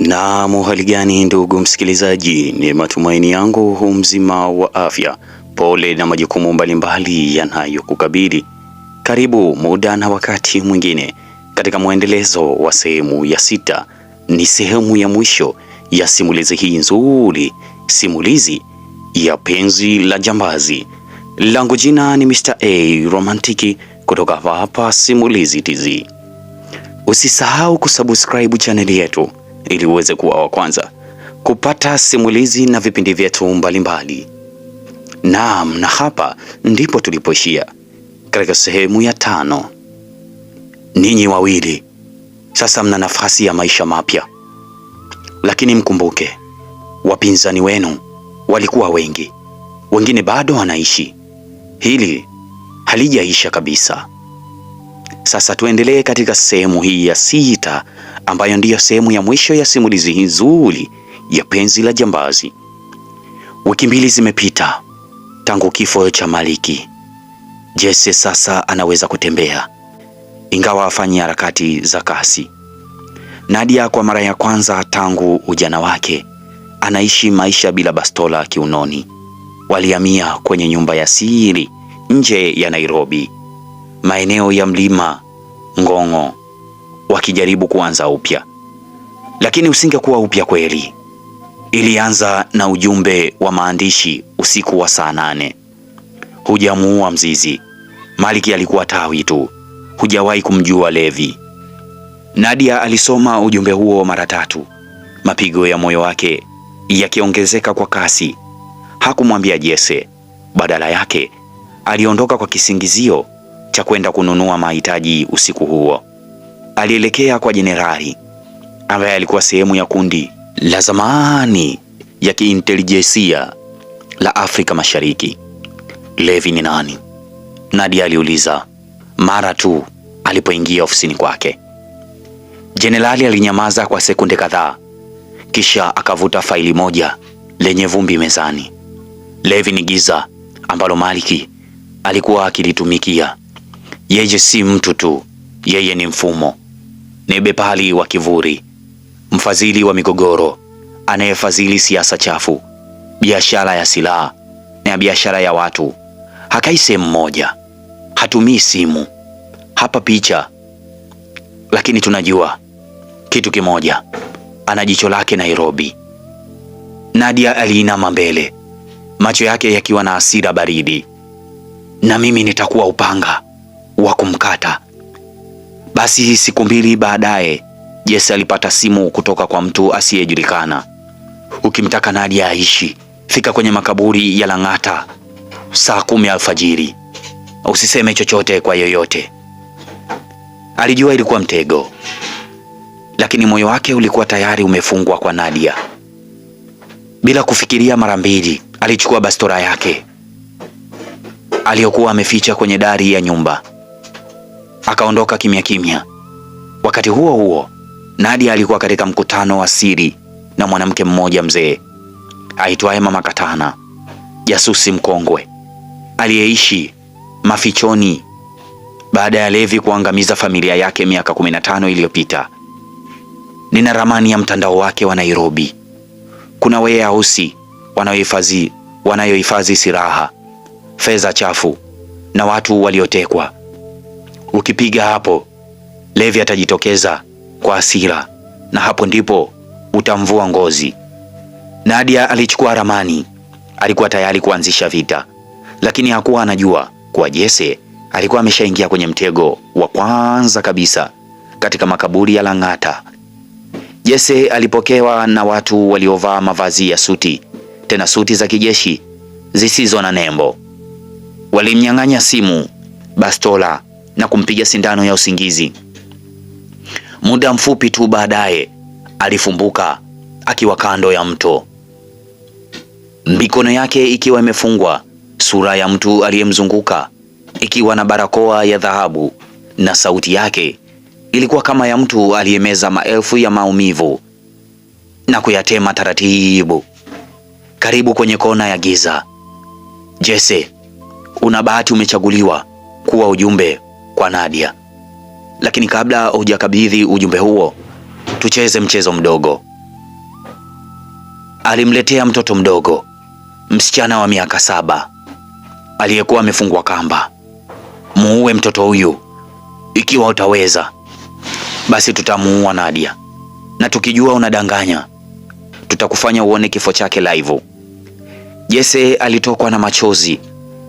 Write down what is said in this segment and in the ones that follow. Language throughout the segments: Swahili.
Na muhali gani ndugu msikilizaji, ni matumaini yangu hu mzima wa afya, pole na majukumu mbalimbali yanayokukabili. Karibu muda na wakati mwingine katika mwendelezo wa sehemu ya sita, ni sehemu ya mwisho ya simulizi hii nzuri, simulizi ya penzi la jambazi. Langu jina ni Mr. A Romantiki kutoka hapa Simulizi Tz. Usisahau kusubscribe chaneli yetu ili uweze kuwa wa kwanza kupata simulizi na vipindi vyetu mbalimbali. Naam, na hapa ndipo tulipoishia katika sehemu ya tano. Ninyi wawili sasa mna nafasi ya maisha mapya, lakini mkumbuke wapinzani wenu walikuwa wengi, wengine bado wanaishi. Hili halijaisha kabisa. Sasa tuendelee katika sehemu hii ya sita ambayo ndiyo sehemu ya mwisho ya simulizi hii nzuri ya penzi la jambazi. Wiki mbili zimepita tangu kifo cha Maliki. Jesse sasa anaweza kutembea ingawa hafanyi harakati za kasi. Nadia kwa mara ya kwanza tangu ujana wake anaishi maisha bila bastola kiunoni. Walihamia kwenye nyumba ya siri nje ya Nairobi, maeneo ya mlima Ngong'o wakijaribu kuanza upya, lakini usingekuwa upya kweli. Ilianza na ujumbe wa maandishi usiku wa saa nane: hujamuua mzizi, Maliki alikuwa tawi tu, hujawahi kumjua Levi. Nadia alisoma ujumbe huo mara tatu, mapigo ya moyo wake yakiongezeka kwa kasi. Hakumwambia Jesse, badala yake aliondoka kwa kisingizio cha kwenda kununua mahitaji usiku huo alielekea kwa jenerali ambaye alikuwa sehemu ya kundi la zamani ya kiintelijensia la Afrika Mashariki. Levi ni nani? Nadia aliuliza mara tu alipoingia ofisini kwake. Jenerali alinyamaza kwa sekunde kadhaa, kisha akavuta faili moja lenye vumbi mezani. Levi ni giza ambalo Maliki alikuwa akilitumikia. Yeye si mtu tu, yeye ni mfumo ni bepali wa kivuri mfadhili wa migogoro, anayefadhili siasa chafu, biashara ya silaha na biashara ya watu. Hakai sehemu moja, hatumii simu hapa picha, lakini tunajua kitu kimoja, ana jicho lake Nairobi. Nadia aliinama mbele, macho yake yakiwa na hasira baridi. Na mimi nitakuwa upanga wa kumkata basi siku mbili baadaye, Jesse alipata simu kutoka kwa mtu asiyejulikana ukimtaka Nadia aishi, fika kwenye makaburi ya Lang'ata saa kumi alfajiri, usiseme chochote kwa yoyote. Alijua ilikuwa mtego, lakini moyo wake ulikuwa tayari umefungwa kwa Nadia. Bila kufikiria mara mbili, alichukua bastora yake aliyokuwa ameficha kwenye dari ya nyumba akaondoka kimya kimya. Wakati huo huo, Nadia alikuwa katika mkutano wa siri na mwanamke mmoja mzee aitwaye Mama Katana, jasusi mkongwe aliyeishi mafichoni baada ya Levi kuangamiza familia yake miaka 15 iliyopita. Nina ramani ya mtandao wake wa Nairobi. Kuna warehouse wanayohifadhi wanayohifadhi silaha, fedha chafu na watu waliotekwa. Ukipiga hapo, Levi atajitokeza kwa asira, na hapo ndipo utamvua ngozi. Nadia alichukua ramani. Alikuwa tayari kuanzisha vita, lakini hakuwa anajua kuwa Jesse alikuwa ameshaingia kwenye mtego wa kwanza kabisa katika makaburi ya Lang'ata. Jesse alipokewa na watu waliovaa mavazi ya suti, tena suti za kijeshi zisizo na nembo. Walimnyang'anya simu, bastola na kumpiga sindano ya usingizi. Muda mfupi tu baadaye alifumbuka akiwa kando ya mto, mikono yake ikiwa imefungwa, sura ya mtu aliyemzunguka ikiwa na barakoa ya dhahabu, na sauti yake ilikuwa kama ya mtu aliyemeza maelfu ya maumivu na kuyatema taratibu. Karibu kwenye kona ya giza, Jesse, una bahati, umechaguliwa kuwa ujumbe kwa Nadia. Lakini kabla hujakabidhi ujumbe huo, tucheze mchezo mdogo. Alimletea mtoto mdogo, msichana wa miaka saba aliyekuwa amefungwa kamba. Muue mtoto huyu, ikiwa utaweza basi tutamuua Nadia, na tukijua unadanganya tutakufanya uone kifo chake live. Jesse alitokwa na machozi,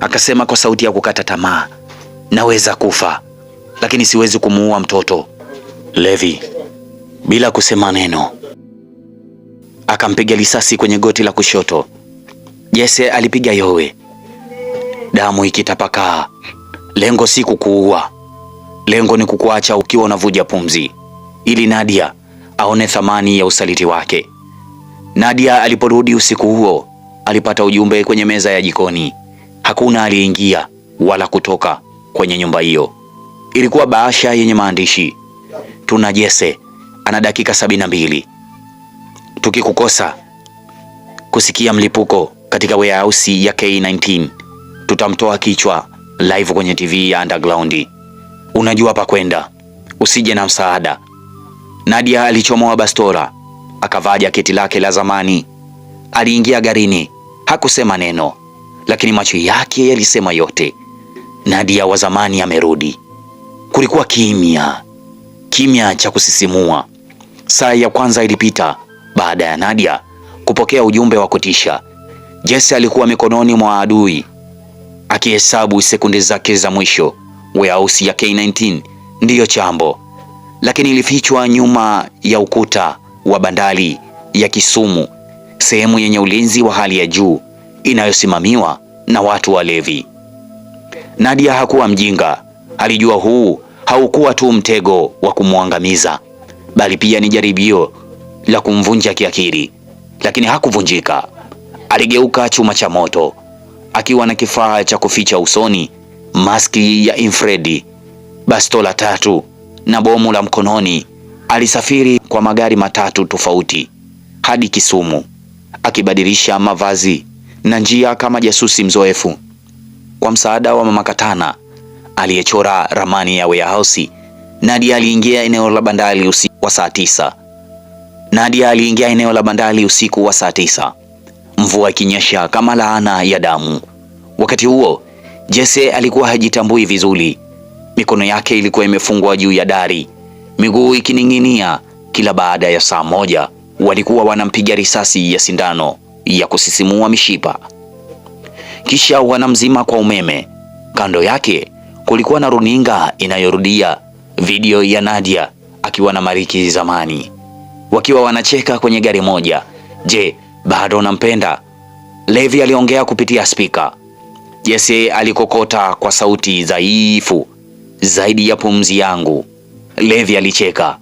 akasema kwa sauti ya kukata tamaa, naweza kufa, lakini siwezi kumuua mtoto. Levi bila kusema neno akampiga risasi kwenye goti la kushoto. Jesse alipiga yowe, damu ikitapakaa. Lengo si kukuua, lengo ni kukuacha ukiwa unavuja pumzi, ili Nadia aone thamani ya usaliti wake. Nadia aliporudi usiku huo, alipata ujumbe kwenye meza ya jikoni. Hakuna aliyeingia wala kutoka kwenye nyumba hiyo. Ilikuwa bahasha yenye maandishi tuna Jesse ana dakika sabini na mbili tukikukosa kusikia mlipuko katika warehouse ya K19 tutamtoa kichwa live kwenye TV ya underground. Unajua pa kwenda, usije na msaada. Nadia alichomoa bastora, akavaa jaketi lake la zamani, aliingia garini. Hakusema neno, lakini macho yake yalisema yote. Nadia wa zamani amerudi. Kulikuwa kimya, kimya cha kusisimua. Saa ya kwanza ilipita baada ya Nadia kupokea ujumbe wa kutisha. Jesse alikuwa mikononi mwa adui, akihesabu sekunde zake za mwisho. Warehouse ya K19 ndiyo chambo, lakini ilifichwa nyuma ya ukuta wa bandari ya Kisumu, sehemu yenye ulinzi wa hali ya juu inayosimamiwa na watu walevi. Nadia hakuwa mjinga, alijua huu haukuwa tu mtego wa kumwangamiza, bali pia ni jaribio la kumvunja kiakili. Lakini hakuvunjika, aligeuka chuma cha moto akiwa na kifaa cha kuficha usoni, maski ya infredi, bastola tatu na bomu la mkononi. Alisafiri kwa magari matatu tofauti hadi Kisumu, akibadilisha mavazi na njia kama jasusi mzoefu kwa msaada wa Mama Katana aliyechora ramani ya warehouse. Nadia aliingia eneo la bandari usiku wa saa tisa. Nadia aliingia eneo la bandari usiku wa saa tisa, mvua ikinyesha kama laana ya damu. Wakati huo Jesse alikuwa hajitambui vizuri. Mikono yake ilikuwa imefungwa juu ya dari, miguu ikining'inia. Kila baada ya saa moja walikuwa wanampiga risasi ya sindano ya kusisimua mishipa kisha wanamzima kwa umeme. Kando yake kulikuwa na runinga inayorudia video ya Nadia akiwa na Mariki zamani wakiwa wanacheka kwenye gari moja. Je, bado unampenda? Levi aliongea kupitia spika. Jesse alikokota kwa sauti dhaifu zaidi ya pumzi yangu. Levi alicheka.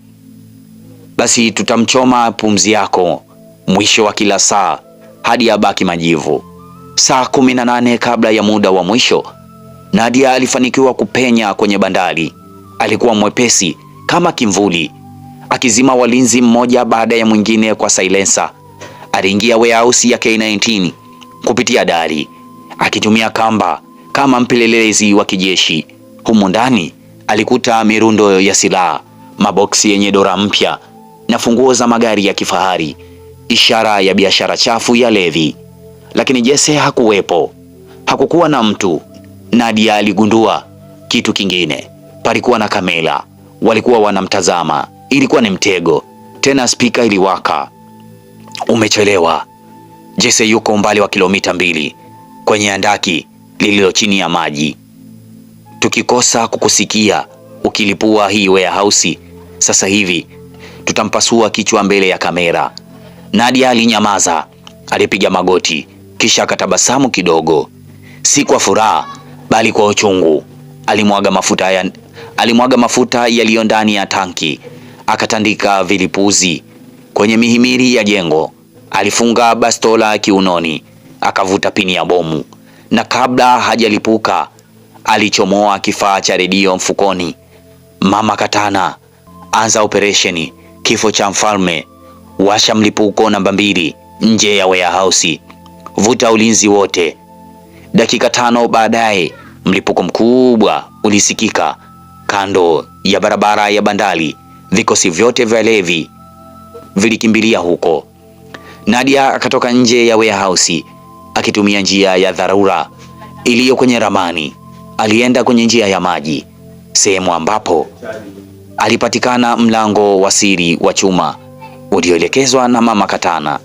Basi tutamchoma pumzi yako mwisho wa kila saa hadi abaki majivu saa kumi na nane kabla ya muda wa mwisho. Nadia alifanikiwa kupenya kwenye bandari. Alikuwa mwepesi kama kimvuli, akizima walinzi mmoja baada ya mwingine kwa silensa. Aliingia warehouse ya K19 kupitia dari, akitumia kamba kama mpelelezi wa kijeshi. Humo ndani alikuta mirundo ya silaha, maboksi yenye dora mpya na funguo za magari ya kifahari, ishara ya biashara chafu ya Levi lakini Jesse hakuwepo. Hakukuwa na mtu. Nadia aligundua kitu kingine, palikuwa na kamera, walikuwa wanamtazama. Ilikuwa ni mtego. Tena spika iliwaka. Umechelewa, Jesse yuko umbali wa kilomita mbili kwenye andaki lililo chini ya maji. Tukikosa kukusikia ukilipua hii warehouse sasa hivi, tutampasua kichwa mbele ya kamera. Nadia alinyamaza, alipiga magoti kisha akatabasamu kidogo, si kwa furaha bali kwa uchungu. Alimwaga mafuta ya, alimwaga mafuta yaliyo ndani ya tanki, akatandika vilipuzi kwenye mihimili ya jengo, alifunga bastola kiunoni, akavuta pini ya bomu, na kabla hajalipuka alichomoa kifaa cha redio mfukoni. Mama Katana, anza operesheni, kifo cha mfalme, washa mlipuko namba mbili nje ya warehouse vuta ulinzi wote. Dakika tano baadaye mlipuko mkubwa ulisikika kando ya barabara ya bandari. Vikosi vyote vya levi vilikimbilia huko. Nadia akatoka nje ya warehouse akitumia njia ya dharura iliyo kwenye ramani. Alienda kwenye njia ya maji, sehemu ambapo alipatikana mlango wa siri wa chuma ulioelekezwa na mama Katana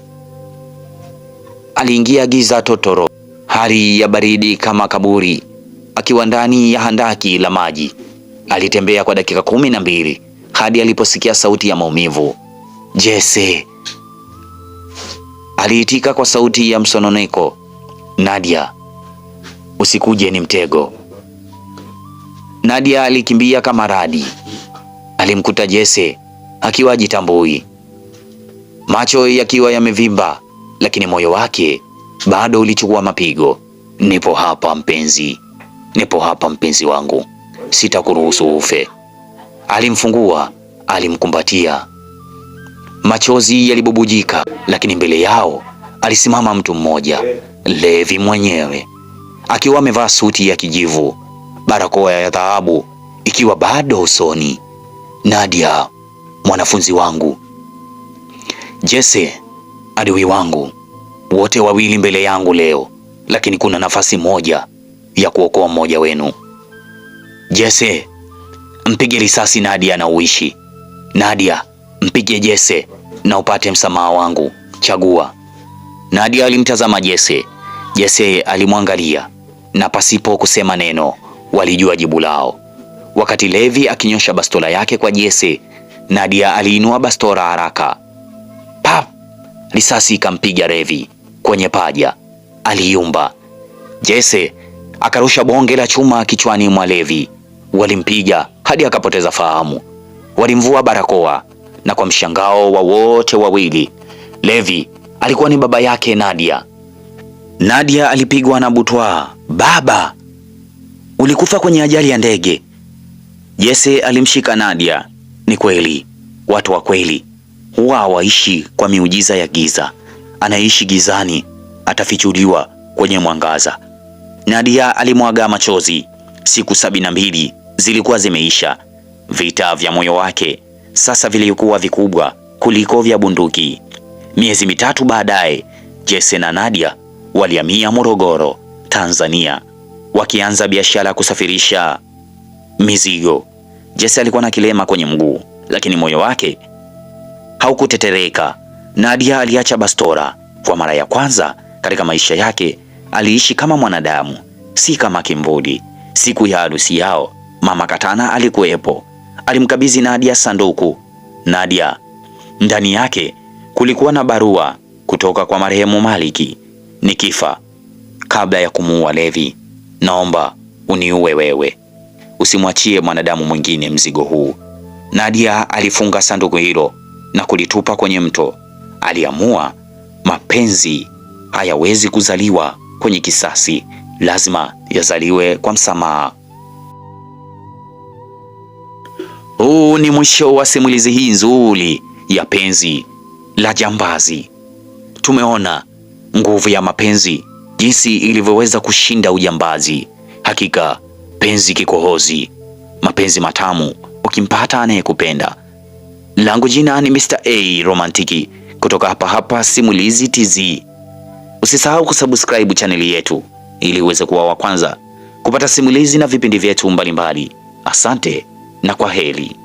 aliingia giza totoro, hali ya baridi kama kaburi, akiwa ndani ya handaki la maji. Alitembea kwa dakika kumi na mbili hadi aliposikia sauti ya maumivu. Jesse, aliitika kwa sauti ya msononeko. Nadia, usikuje, ni mtego. Nadia alikimbia kama radi. Alimkuta Jesse akiwa ajitambui, macho yakiwa yamevimba, lakini moyo wake bado ulichukua mapigo. Nipo hapa mpenzi, nipo hapa mpenzi wangu, sitakuruhusu ufe. Alimfungua, alimkumbatia, machozi yalibubujika, lakini mbele yao alisimama mtu mmoja, Levi mwenyewe akiwa amevaa suti ya kijivu, barakoa ya dhahabu ikiwa bado usoni. Nadia, mwanafunzi wangu. Jesse, adui wangu wote wawili mbele yangu leo, lakini kuna nafasi moja ya kuokoa mmoja wenu. Jesse, mpige risasi Nadia na uishi. Nadia, mpige Jesse na upate msamaha wangu. Chagua. Nadia alimtazama Jesse. Jesse alimwangalia na pasipo kusema neno walijua jibu lao. Wakati Levi akinyosha bastola yake kwa Jesse, Nadia aliinua bastola haraka risasi ikampiga Revi kwenye paja, aliyumba. Jesse akarusha bonge la chuma kichwani mwa Levi, walimpiga hadi akapoteza fahamu. Walimvua barakoa na kwa mshangao wa wote wawili, Levi alikuwa ni baba yake Nadia. Nadia alipigwa na butwa. Baba, ulikufa kwenye ajali ya ndege. Jesse alimshika Nadia. Ni kweli, watu wa kweli huwa hawaishi kwa miujiza ya giza. Anaishi gizani, atafichuliwa kwenye mwangaza. Nadia alimwaga machozi. Siku sabini na mbili zilikuwa zimeisha. Vita vya moyo wake sasa vilikuwa vikubwa kuliko vya bunduki. Miezi mitatu baadaye, Jesse na Nadia walihamia Morogoro, Tanzania, wakianza biashara ya kusafirisha mizigo. Jesse alikuwa na kilema kwenye mguu, lakini moyo wake haukutetereka. Nadia aliacha Bastora kwa mara ya kwanza katika maisha yake. Aliishi kama mwanadamu, si kama kimbudi. Siku ya harusi yao, Mama Katana alikuwepo. Alimkabidhi Nadia sanduku. Nadia, ndani yake kulikuwa na barua kutoka kwa marehemu Maliki. Nikifa kabla ya kumuua Levi, naomba uniue wewe, usimwachie mwanadamu mwingine mzigo huu. Nadia alifunga sanduku hilo na kulitupa kwenye mto. Aliamua mapenzi hayawezi kuzaliwa kwenye kisasi, lazima yazaliwe kwa msamaha. Huu ni mwisho wa simulizi hii nzuri ya penzi la jambazi. Tumeona nguvu ya mapenzi jinsi ilivyoweza kushinda ujambazi. Hakika penzi kikohozi, mapenzi matamu ukimpata anayekupenda langu jina ni Mr. A Romantiki kutoka hapa hapa Simulizi Tz. Usisahau kusubscribe chaneli yetu ili uweze kuwa wa kwanza kupata simulizi na vipindi vyetu mbalimbali. Asante na kwa heri.